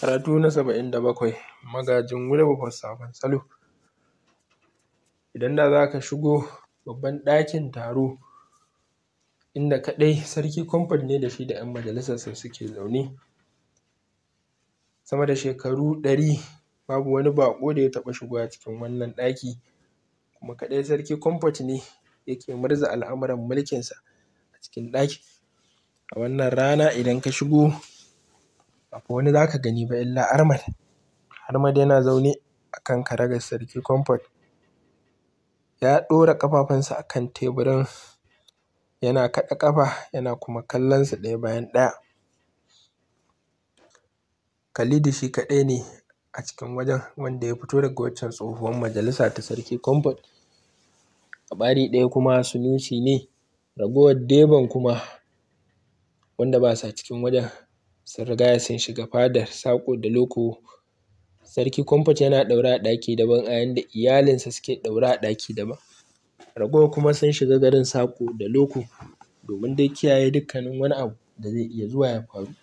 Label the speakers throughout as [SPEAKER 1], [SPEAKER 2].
[SPEAKER 1] Karatu na saba'in da bakwai Magajin Wilberforce Sabon Salo. Idan da za ka shigo babban ɗakin taro inda kaɗai sarki Comfort ne da shi da ‘yan majalisar majalisarsa suke zaune, sama da shekaru ɗari babu wani baƙo da ya taɓa shigowa cikin wannan ɗaki, kuma kaɗai sarki Comfort ne yake murza al'amuran mulkinsa a cikin ɗakin. A wannan rana idan ka shigo ba wani za ka gani ba illa Ahmad. Ahmad yana zaune a kan karagar sarki Comfort. Ya ɗora ƙafafunsa a kan teburin, yana kaɗa ƙafa yana kuma kallonsa ɗaya bayan ɗaya. Khalidu shi kaɗai ne a cikin wajen wanda ya fito daga waccan tsohuwar majalisa ta sarki Comfort. A ɓari ɗaya kuma Sunusi ne, ragowar Deban kuma wanda ba sa cikin wajen sun riga sun shiga fadar saƙo da loko sarki Kwamfat yana ɗaure a ɗaki daban a yanda iyalinsa suke ɗaure a ɗaki daban ragowar kuma sun shiga garin saƙo da loko domin dai kiyaye dukkanin wani abu da zai iya zuwa ya faru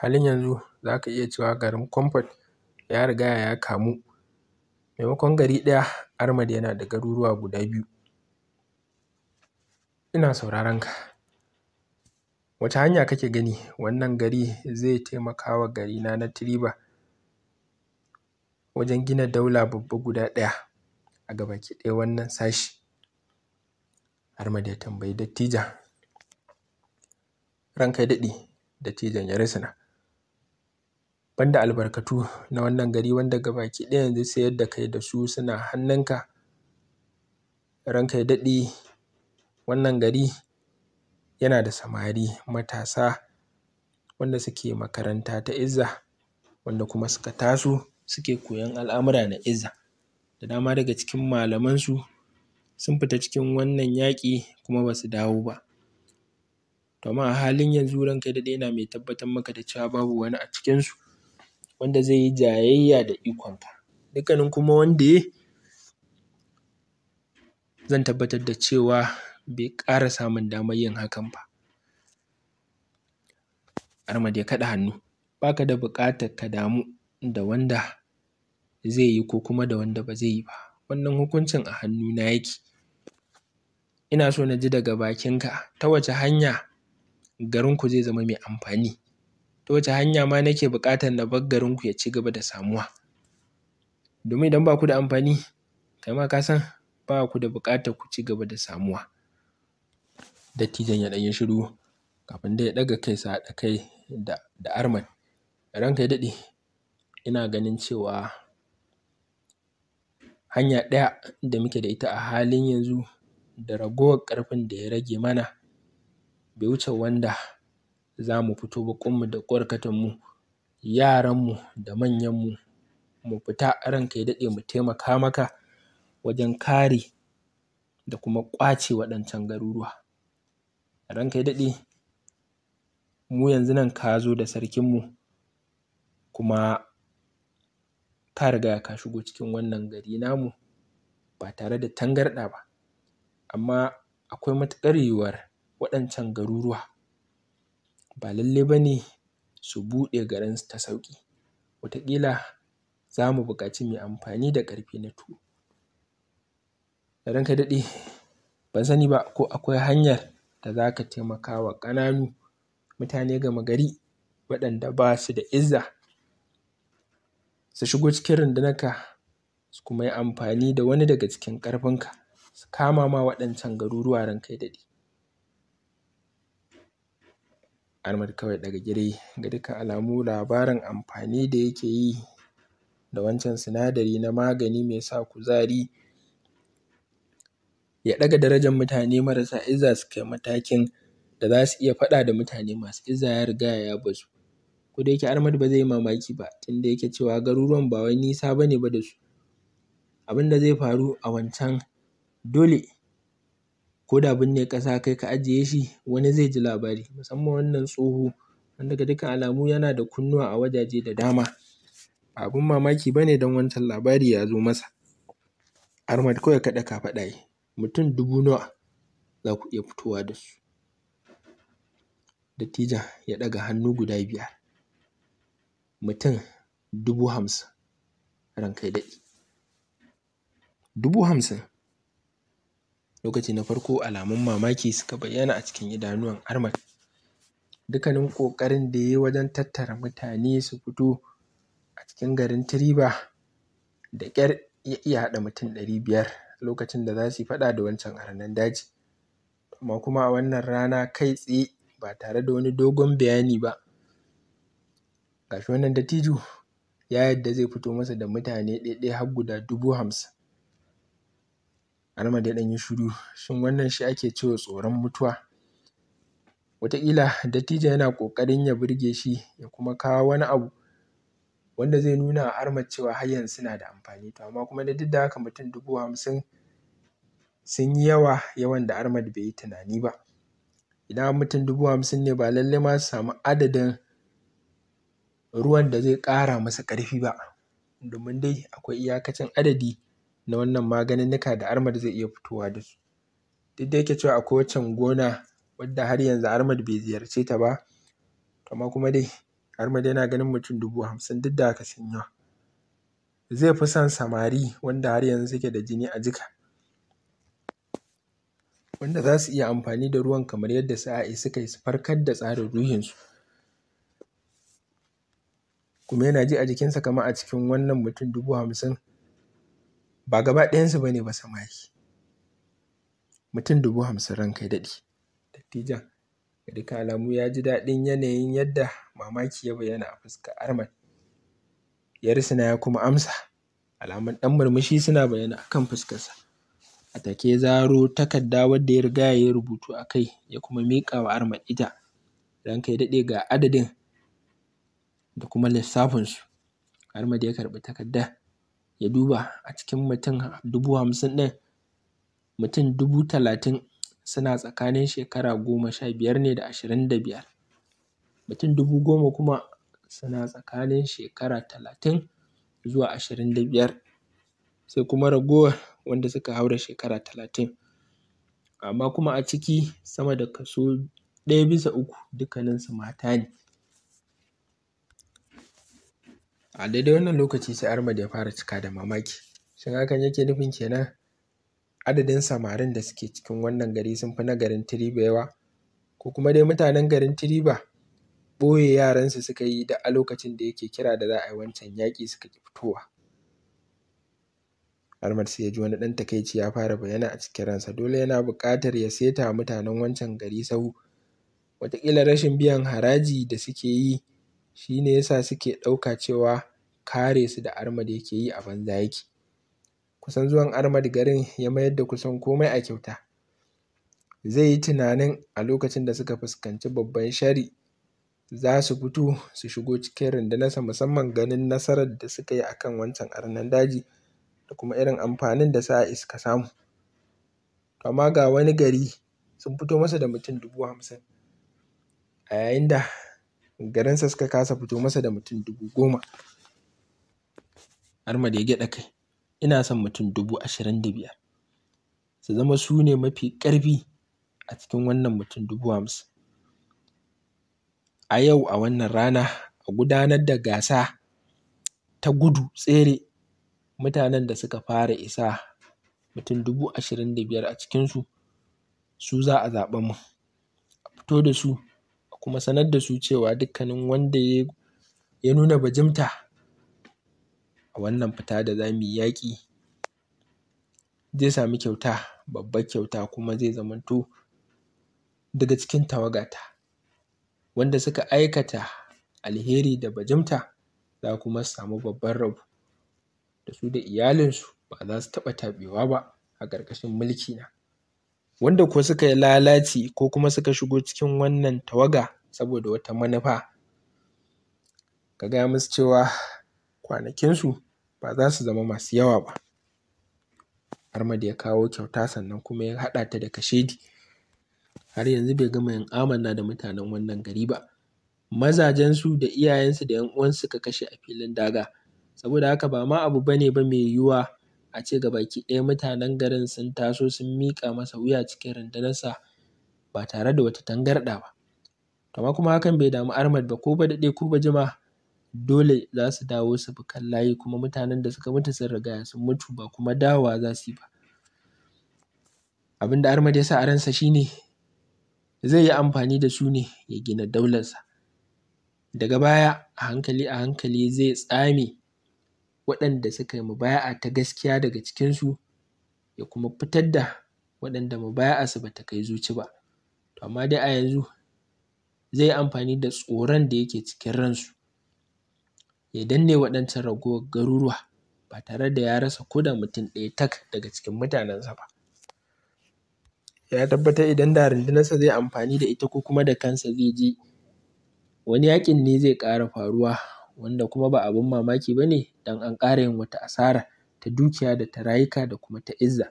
[SPEAKER 1] halin yanzu za ka iya cewa garin Kwamfat ya riga ya kamu maimakon gari ɗaya Armad yana da garuruwa guda biyu ina sauraron ka wace hanya kake gani wannan gari zai taimaka wa garina na Tiriba wajen gina daula babba guda ɗaya a gabaki ɗaya wannan sashi Ahmad ya tambayi dattijan ranka ya daɗe dattijan ya rusuna banda albarkatu na wannan gari wanda gabaki ɗaya yanzu sayar da kai da su suna hannunka ranka ya daɗe wannan gari yana da samari matasa wanda suke makaranta ta Izza wanda kuma suka taso suke koyon al'amura na Izza. Da dama daga cikin malamansu sun fita cikin wannan yaƙi kuma ba su dawo ba. To amma a halin yanzu ranka daɗe yana mai tabbatar maka da cewa babu wani a cikinsu wanda zai yi jayayya da ikonka. Dukkanin kuma wanda ya yi zan tabbatar da cewa bai ƙara samun damar yin hakan ba Ahmad ya kaɗa hannu ba ka da buƙatar ka damu da wanda zai yi ko kuma da wanda ba zai yi ba wannan hukuncin a hannuna yake ina so na ji daga bakinka ta wace hanya garinku zai zama mai amfani ta wace hanya ma nake buƙatar na bar garinku ya ci gaba da samuwa domin idan ba ku da amfani kai ma ka san ba ku da buƙatar ku ci gaba da samuwa dattijon ya ɗan shiru kafin dai ya ɗaga kai su kai da, armad Ranka ya daɗe, ina ganin cewa hanya ɗaya da muke da ita a halin yanzu da ragowar ƙarfin da ya rage mana bai wuce wanda za mu fito ba ƙummu da yaran yaranmu da manyanmu mu fita ranka ya daɗe mu taimaka maka wajen kare da kuma ƙwace waɗancan garuruwa. ranka ya daɗe mu yanzu nan ka zo da sarkinmu kuma ka riga ka shigo cikin wannan gari namu ba tare da tangarɗa ba amma akwai matuƙar yiwuwar waɗancan garuruwa ba lalle ba ne su buɗe garinsu ta sauƙi wataƙila za mu buƙaci mu amfani da ƙarfi na tuwo ranka ya daɗe ban sani ba ko akwai hanyar da za ka taimaka wa ƙananu mutane gama gari waɗanda ba su da izza su shigo cikin rundunarka su kuma yi amfani da wani daga cikin ƙarfinka su kama ma waɗancan garuruwa ran kai daɗi? Ahmad kawai daga gire ga dukkan alamu labarin amfani da yake yi da wancan sinadari na magani mai sa kuzari ya ɗaga darajar mutane marasa izza su kai matakin da za su iya faɗa da mutane masu izza ya riga ya bazu. Ko da yake Ahmad ba zai yi mamaki ba tunda yake cewa garuruwan ba wai nisa ba ne ba da su. Abin da zai faru a wancan dole ko da binne ƙasa kai ka ajiye shi wani zai ji labari musamman wannan tsoho wanda ga dukkan alamu yana da kunnuwa a wajaje da dama. Ba abin mamaki ba ne don wancan labari ya zo masa. Ahmad kawai kaɗa ka faɗa yi. mutum dubu nawa za ku iya fitowa da su? Dattijan ya ɗaga hannu guda biyar. Mutum dubu hamsin ranka ya daɗe. Dubu hamsin. Lokaci na farko alamun mamaki suka bayyana a cikin idanuwan Ahmad. Dukkanin ƙoƙarin da ya yi wajen tattara mutane su fito a cikin garin Tiriba da ƙyar ya iya haɗa mutum ɗari biyar lokacin da za su yi faɗa da wancan arnan daji amma kuma a wannan rana kai tsaye ba tare da wani dogon bayani ba ga shi wannan dattijo ya yadda zai fito masa da mutane ɗaiɗai har guda dubu hamsin Ahmad ya ɗan yi shiru shin wannan shi ake cewa tsoron mutuwa wataƙila dattijo yana ƙoƙarin ya burge shi ya kuma kawo wani abu wanda zai nuna a armar cewa har yanzu suna da amfani to amma kuma duk da haka mutum dubu hamsin sun yi yawa yawan da armar bai yi tunani ba idan mutum dubu hamsin ne ba lallai ma su samu adadin ruwan da zai ƙara masa ƙarfi ba domin dai akwai iyakacin adadi na wannan maganinnika da armar zai iya fitowa da su duk da yake cewa akwai waccan gona wadda har yanzu armar bai ziyarce ta ba amma kuma dai har ma dai yana ganin mutum dubu hamsin duk da haka sun yawa zai fi son samari wanda har yanzu suke da jini a jika wanda za su iya amfani da ruwan kamar yadda su suka yi su farkar da tsarin ruhinsu kuma yana ji a jikinsa kamar a cikin wannan mutum dubu hamsin ba gaba ɗayansu ba ne ba samari mutum dubu hamsin ranka ya daɗi dattijan dukkan alamu ya ji daɗin yanayin yadda mamaki ya bayyana a fuskar Ahmad. Ya rusuna ya kuma amsa. Alamun ɗan murmushi suna bayyana a kan fuskarsa. A take ya zaro takarda wadda ya riga ya yi rubutu a kai ya kuma miƙa wa Ahmad ita. don kai daɗe ga adadin da kuma lissafinsu. Ahmad ya karɓi takardar ya duba a cikin mutum dubu hamsin ɗin mutum dubu talatin suna tsakanin shekara goma sha biyar ne da ashirin da biyar. Mutum dubu goma kuma suna tsakanin shekara talatin zuwa ashirin da biyar. Sai kuma ragowar wanda suka haura shekara talatin. Amma kuma a ciki sama da kaso ɗaya bisa uku dukkaninsu mata ne. A daidai wannan lokaci sai Ahmad ya fara cika da mamaki. Shin hakan yake nufin kenan adadin samarin da suke cikin wannan gari sun fi na garin Tiriba yawa ko kuma dai mutanen garin Tiriba ɓoye yaransu suka yi da a lokacin da yake kira da za a yi wancan yaƙi suka ƙi fitowa. Ahmad sai ya ji wani ɗan takaici ya fara bayyana a cikin ransa dole yana buƙatar ya seta mutanen wancan gari sahu wataƙila rashin biyan haraji da suke yi shi ne yasa suke ɗauka cewa kare su da Ahmad yake yi a banza yake. Kusan zuwan Ahmad garin ya mayar da kusan komai a kyauta. Zai yi tunanin a lokacin da suka fuskanci babban shari za su fito su shigo cikin rundunarsa musamman ganin nasarar da suka yi akan wancan arnan daji da kuma irin amfanin da sa iska samu. Amma ga wani gari sun fito masa da mutum dubu hamsin a yayin da garinsa suka kasa fito masa da mutum dubu goma. Ahmad ya gyaɗa kai. ina son mutum dubu ashirin da biyar su zama su ne mafi ƙarfi a cikin wannan mutum dubu hamsin a yau a wannan rana a gudanar da gasa ta gudu tsere mutanen da suka fara isa mutum dubu ashirin da biyar a cikinsu su za a zaɓa mu a fito da su a kuma sanar da su cewa dukkanin wanda ya nuna bajimta a wannan fita da za mu yi yaƙi zai samu kyauta babbar kyauta kuma zai zamanto daga cikin ta. wanda suka aikata alheri da bajimta za kuma samu babban rabo da su da iyalinsu ba za su taɓa taɓewa ba a ƙarƙashin mulki na. wanda kuwa suka yi lalaci ko kuma suka shigo cikin wannan tawaga saboda wata manufa ka gaya musu cewa kwanakinsu ba za su zama masu yawa ba. Ahmad ya kawo kyauta sannan kuma ya haɗa ta da kashedi. Har yanzu bai gama yin amanna da mutanen wannan gari ba. Mazajensu da iyayensu da ‘yan uwansu ka kashe a filin daga. Saboda haka ba ma abu bane ba mai yiwuwa a ce ga baki ɗaya mutanen garin sun taso sun miƙa masa wuya cikin rundunarsa ba tare da wata tangarɗa ba. Amma kuma hakan bai damu Ahmad ba ko ba daɗe ko ba jima dole za su dawo su bi kan layi kuma mutanen da suka mutu sun rigaya sun mutu ba kuma dawowa za su yi ba. Abin da Ahmad ya sa a ransa shi zai yi amfani da su ne ya gina daularsa. Daga baya a hankali a hankali zai tsame waɗanda suka yi mubaya'a ta gaskiya daga cikinsu ya kuma fitar da waɗanda mubaya'arsu ba ta kai zuci ba. To amma dai a yanzu zai yi amfani da tsoron da yake cikin ransu ya danne waɗancan ragowar garuruwa ba tare da ya rasa ko da mutum ɗaya tak daga cikin mutanensa ba. Ya tabbatar idan da rundunarsa zai amfani da ita ko kuma da kansa zai je wani yaƙin ne zai ƙara faruwa wanda kuma ba abin mamaki ba ne don an ƙara yin wata asara ta dukiya da ta rayuka da kuma ta izza.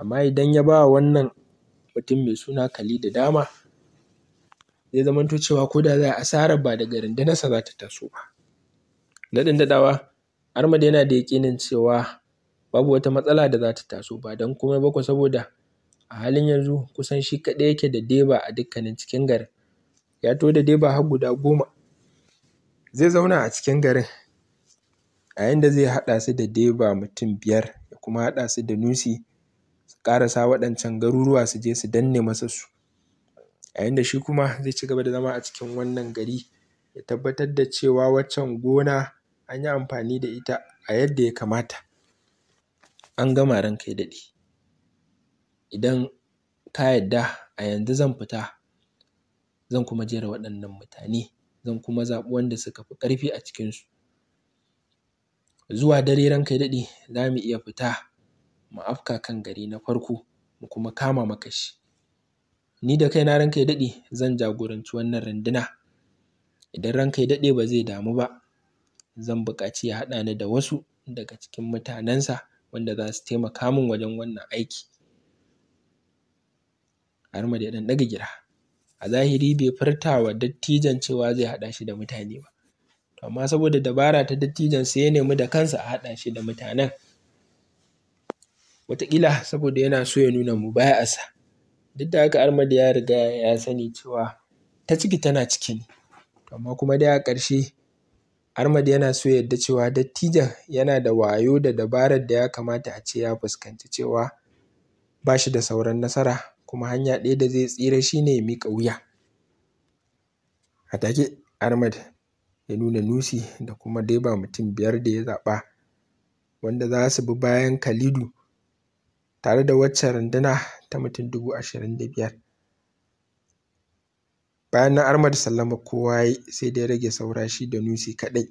[SPEAKER 1] Amma idan ya ba wannan mutum mai suna da dama zai zamanto cewa ko da za a yi asarar ba daga rundunarsa za ta taso ba. Daɗin daɗawa Ahmad yana da yaƙinin cewa babu wata matsala da za ta taso ba don komai ba saboda a halin yanzu kusan shi kaɗai yake da Deba a dukkanin cikin garin. Ya taho da Deba har guda goma. Zai zauna a cikin garin a yayin zai haɗa su da Deba mutum biyar ya kuma haɗa su da Nusi su ƙarasa waɗancan garuruwa su je su danne masa su. A yayin shi kuma zai cigaba da zama a cikin wannan gari ya tabbatar da cewa waccan gona an yi amfani da ita a yadda ya kamata an gama ran kai daɗi. idan ka yadda a yanzu zan fita zan kuma jera waɗannan mutane zan kuma zaɓi wanda suka fi ƙarfi a cikinsu zuwa dare ran kai daɗi za mu iya fita mu afka kan gari na farko mu kuma kama makashi. ni da kaina ran kai daɗi zan jagoranci wannan runduna idan ran kai daɗe ba zai damu ba zan buƙaci ya haɗa ni da wasu daga cikin mutanensa wanda za su taimaka min wajen wannan aiki. Ahmad ya ɗan ɗaga gira. A zahiri bai furta wa dattijon cewa zai haɗa shi da mutane ba. To amma saboda dabara ta dattijon sai ya nemi da kansa a haɗa shi da mutanen. Wataƙila saboda yana so ya nuna mu mubaya'arsa. Duk da haka Ahmad ya riga ya sani cewa ta ciki tana ciki ne. Amma kuma dai a ƙarshe Ahmad yana so ya yadda cewa dattijon yana da wayo da dabarar da ya kamata a ce ya fuskanci cewa ba shi da sauran nasara kuma hanya ɗaya da zai tsira shi ne ya miƙa wuya. A take Ahmad ya nuna Nusi da kuma dai ba mutum biyar da ya zaɓa wanda za su bi bayan Khalidu tare da wacce runduna ta mutum dubu ashirin da biyar. bayan nan Ahmad sallama kowa sai da ya rage saura shi da Nusi kaɗai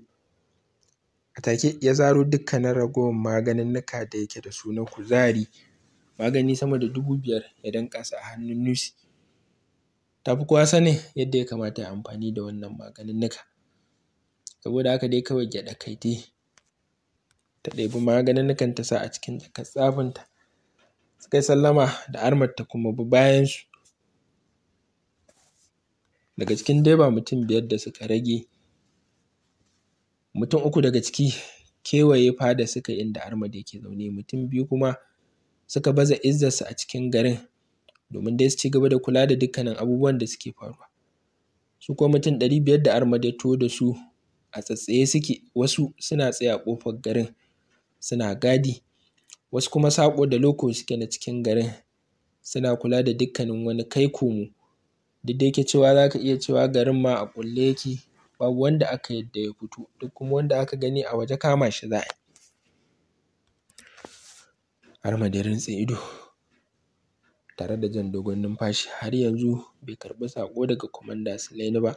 [SPEAKER 1] a take ya zaro dukkanin ragowar nuka da yake da su na kuzari magani sama da dubu biyar ya danƙa su a hannun Nusi ta fi kowa sanin yadda ya kamata ya amfani da wannan nuka. saboda haka dai kawai gyaɗa kai dai ta ɗebi maganunnukan ta sa a cikin jakar tsafinta ta kai sallama da armad ta kuma bi bayansu daga cikin Deba mutum biyar da suka rage mutum uku daga ciki kewaye fada suka inda armada yake zaune mutum biyu kuma suka baza izzarsu a cikin garin domin dai su ci gaba da kula da dukkanin abubuwan da suke faruwa su kuma mutum ɗari biyar da Ahmad ya da su a tsatstsaye suke wasu suna tsaye a ƙofar garin suna gadi wasu kuma saƙo da loko suke na cikin garin suna kula da dukkanin wani kai komo duk dai yake cewa zaka iya cewa garin ma a kulle yake babu wanda aka yadda ya fito duk kuma wanda aka gani a waje kama shi za'a yi Ahmad ya rintse ido tare da jan dogon numfashi har yanzu bai karɓi saƙo daga kwamanda Sulaini ba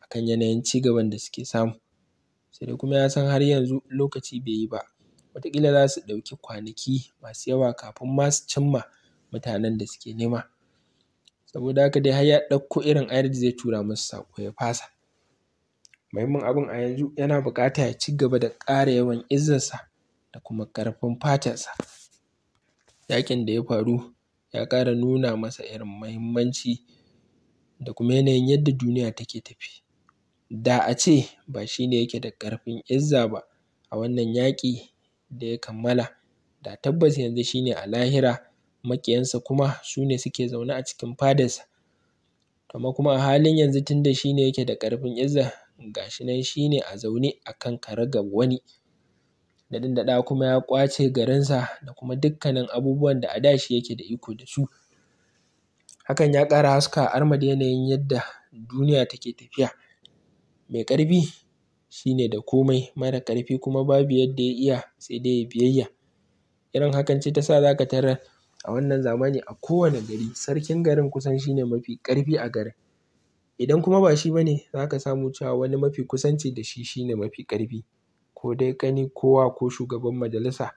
[SPEAKER 1] akan yanayin ci gaban da suke samu sai dai kuma ya san har yanzu lokaci bai yi ba wataƙila za su ɗauki kwanaki masu yawa kafin ma su cimma mutanen da suke nema. saboda haka dai har ya ɗauko irin ayar da zai tura musu saƙo ya fasa muhimmin abin a yanzu yana buƙata ya ci gaba da ƙara yawan izzarsa da kuma ƙarfin fatarsa yaƙin da ya faru ya ƙara nuna masa irin muhimmanci da kuma yanayin yadda duniya take tafi da a ce ba shi ne yake da ƙarfin izza ba a wannan yaƙi da ya kammala da tabbas yanzu shi ne a lahira maƙiyansa kuma su ne suke zaune a cikin fadarsa amma kuma a halin yanzu tun da shi ne yake da ƙarfin izza ga shi nan shi ne a zaune a kan karagar wani daɗin daɗawa kuma ya ƙwace garinsa da kuma dukkanin abubuwan da a da shi yake da iko da su hakan ya ƙara haska haskawa armad yanayin yadda duniya take tafiya mai ƙarfi shi ne da komai mara ƙarfi kuma babu yadda ya iya sai dai ya yi biyayya irin hakan ce ta sa za ka tarar a wannan zamani a kowane gari sarkin garin kusan shi ne mafi ƙarfi a garin idan kuma ba shi ba ne za ka samu cewa wani mafi kusanci da shi shi ne mafi ƙarfi ko dai ƙani kowa ko shugaban majalisa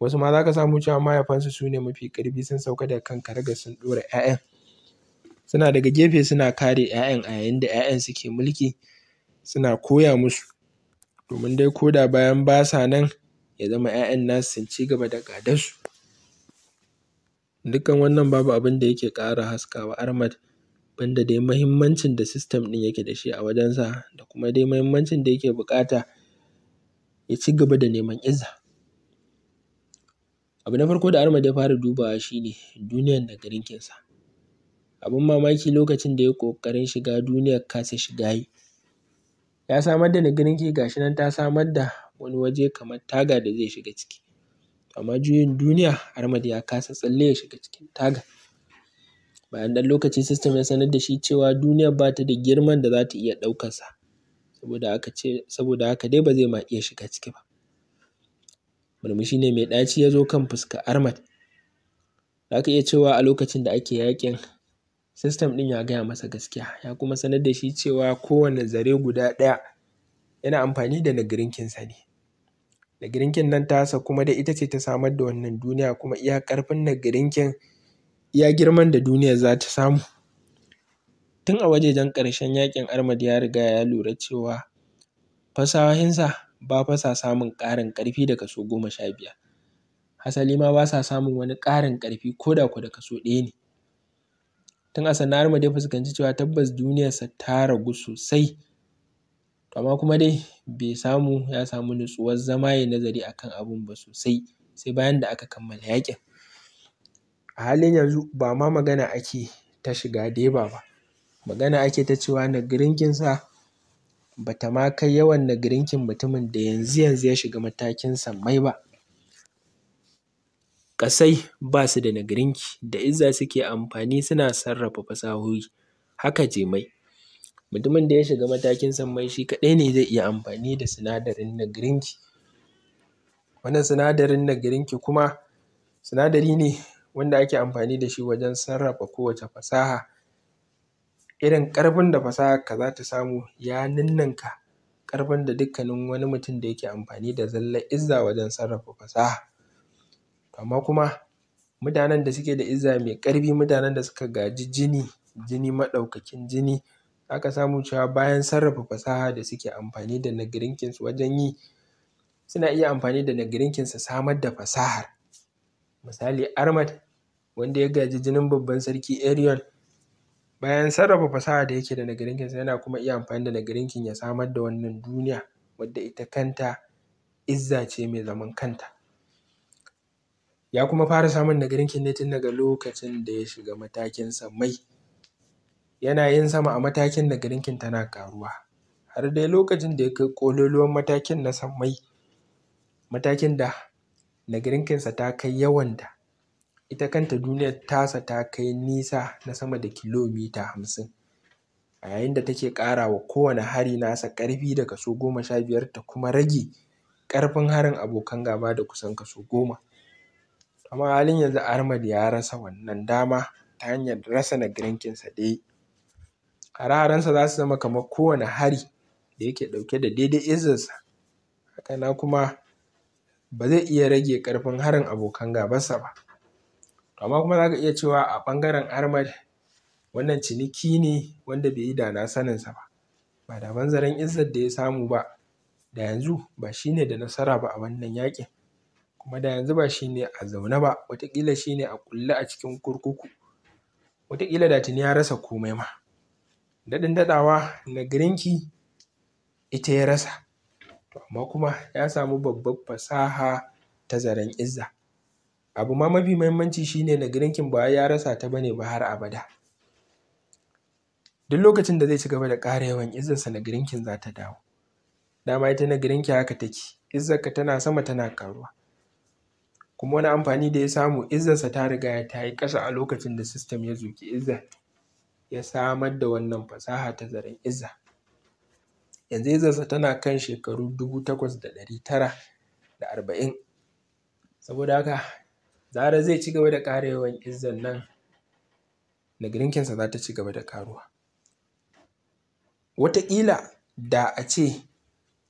[SPEAKER 1] wasu ma za ka samu cewa mahaifansu su ne mafi ƙarfi sun sauka daga kan karagar sun ɗora 'ya'yan suna daga gefe suna kare 'ya'yan a yayin da 'ya'yan suke mulki suna koya musu domin dai ko da bayan ba sa nan ya zama 'ya'yan nasu sun ci gaba da gadarsu Dukkan wannan babu abin da yake ƙara haskawa Armad banda dai mahimmancin da system ɗin yake da shi a wajensa da kuma dai mahimmancin da yake buƙata ya ci gaba da neman izza. Abu na farko da Ahmad ya fara dubawa shine duniyar da garinkinsa. Abin mamaki lokacin da ya yi ƙoƙarin shiga duniyar kasa shiga yi. Ya samar da Nagrinki ga shi nan ta samar da wani waje kamar taga da zai shiga ciki. amma juyin duniya Ahmad ya kasa tsalle ya shiga cikin taga. Bayan ɗan lokaci system ya sanar da shi cewa duniyar ba ta da girman da za ta iya sa, saboda haka ce saboda haka dai ba zai ma iya shiga ciki ba. Murmushi ne mai ɗaci ya zo kan fuskar Ahmad. Za ka iya cewa a lokacin da ake yaƙin system ɗin ya gaya masa gaskiya ya kuma sanar da shi cewa kowane zare guda ɗaya yana amfani da kinsa ne Nagrinken nan tasa kuma dai ita ce ta samar da wannan duniya kuma iya ƙarfin Nagrinken iya girman da duniya za ta samu. Tun a wajejen ƙarshen yaƙin Ahmad ya riga ya lura cewa fasahohinsa ba fa samun ƙarin ƙarfi da kaso goma sha biyar. Hasali ma ba sa samun wani ƙarin ƙarfi ko da kuwa da kaso ɗaya ne. Tun a sannan Ahmad ya fuskanci cewa tabbas duniyarsa ta ragu sosai Amma kuma dai bai samu ya samu natsuwar zama yayi nazari akan abun ba sosai sai bayan da aka kammala yaƙin. A halin yanzu ba ma magana ake ta shiga Deba ba, magana ake ta cewa Ngirinkinsa ba ta ma kai yawan nagirinkin mutumin da yanzu yanzu ya shiga matakin sammai ba. Ƙasai ba su da nagirinki, da Izza suke amfani suna sarrafa fasahohi, haka jemai. Mutumin da ya shiga matakin sammai shi kaɗai ne zai iya amfani da sinadarin na ki. Wannan sinadarin na ki kuma sinadari ne wanda ake amfani da shi wajen sarrafa kowace fasaha. Irin ƙarfin da ka za ta samu ya ninninka ƙarfin da dukkanin wani mutum da yake amfani da zallar izza wajen sarrafa fasaha. Amma kuma mutanen da suke da izza mai ƙarfi, mutanen da suka gaji jini, jini maɗaukakin jini Aka samu cewa bayan sarrafa fasaha da suke amfani da su wajen yi suna iya amfani da Nagrinkins su samar da fasahar. Misali armad wanda ya gaji jinin babban sarki eriyon bayan sarrafa fasaha da yake da sa yana kuma iya amfani da nagirinkin ya samar da wannan duniya wadda ita kanta izza ce mai zaman kanta. Ya kuma fara samun nagirinkin ne tun daga lokacin da ya shiga matakin mai. yana yin sama a matakin da girkin tana ƙaruwa har dai lokacin da ya kai ƙololuwan matakin na sammai matakin da da girkinsa ta kai yawan da ita kanta duniyar tasa ta kai nisa na sama da kilomita hamsin a yayin da take ƙara wa kowane hari nasa ƙarfi da kaso goma sha biyar ta kuma rage ƙarfin harin abokan gaba da kusan kaso goma amma halin yanzu Ahmad ya rasa wannan dama ta hanyar rasa na girkinsa hare za su zama kamar kowane hari da yake ɗauke da daidai izinsa hakanan kuma ba zai iya rage ƙarfin harin abokan gabansa ba amma kuma za ka iya cewa a ɓangaren armad wannan ciniki ne wanda bai yi da na saninsa ba ba da banzaren izzar da ya samu ba da yanzu ba shi ne da nasara ba a wannan yaƙin kuma da yanzu ba shi ne a zaune ba wataƙila shi ne a ƙulle a cikin kurkuku wataƙila da tuni ya rasa komai ma daɗin daɗawa na girinki ita ya rasa to amma kuma ya samu babbar fasaha ta zaren Izza abu ma mafi muhimmanci shine girinkin ba ya rasa ta bane ba har abada duk lokacin da zai ci gaba da ƙara yawan izzarsa Legrenkin za ta dawo dama ita na girinki haka take izzarka tana sama tana karuwa kuma wani amfani da ya samu izzarsa ta riga ta yi ƙasa a lokacin da system ya zuƙi izzar ya samar da wannan fasaha ta zaren Izza. Yanzu izarsa tana kan shekaru dubu takwas da ɗari tara da arba'in. Saboda haka zarar zai ci gaba da ƙara yawan Izzar nan nagarkinsa za ta ci gaba da ƙaruwa. Wataƙila da a ce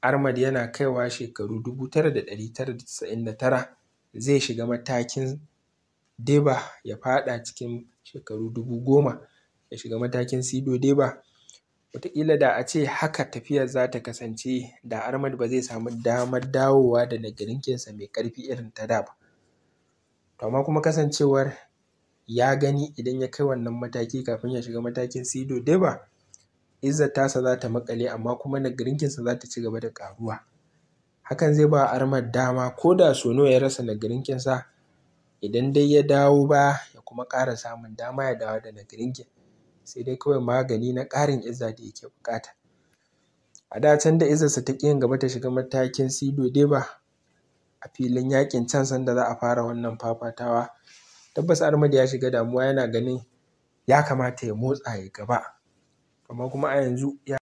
[SPEAKER 1] Ahmad yana kaiwa shekaru dubu tara da ɗari tara da casa'in da tara zai shiga matakin Deba ya faɗa cikin shekaru dubu goma ya shiga matakin C.D ba, wataƙila da a ce haka tafiyar za ta kasance da armad ba zai samu damar dawowa da nagarinkinsa mai karfi irin ta da ba. To amma kuma kasancewar ya gani idan ya kai wannan mataki kafin ya shiga matakin C.D ba? izzar tasa za ta maƙale amma kuma nagarinkinsa za ta ci gaba da karuwa, Hakan zai ba armad dama ko da sau nawa ya rasa nagarinkinsa idan dai ya dawo ba ya kuma ƙara samun dama ya dawo da nagarinkin. sai dai kawai magani na ƙarin iza da yake buƙata a da can da izarsa ta ƙi yin gaba ta shiga matakin Sido ba. a filin yaƙin can sanda za a fara wannan fafatawa tabbas Ahmad ya shiga damuwa yana ganin ya kamata ya motsa ya yi gaba amma kuma a yanzu ya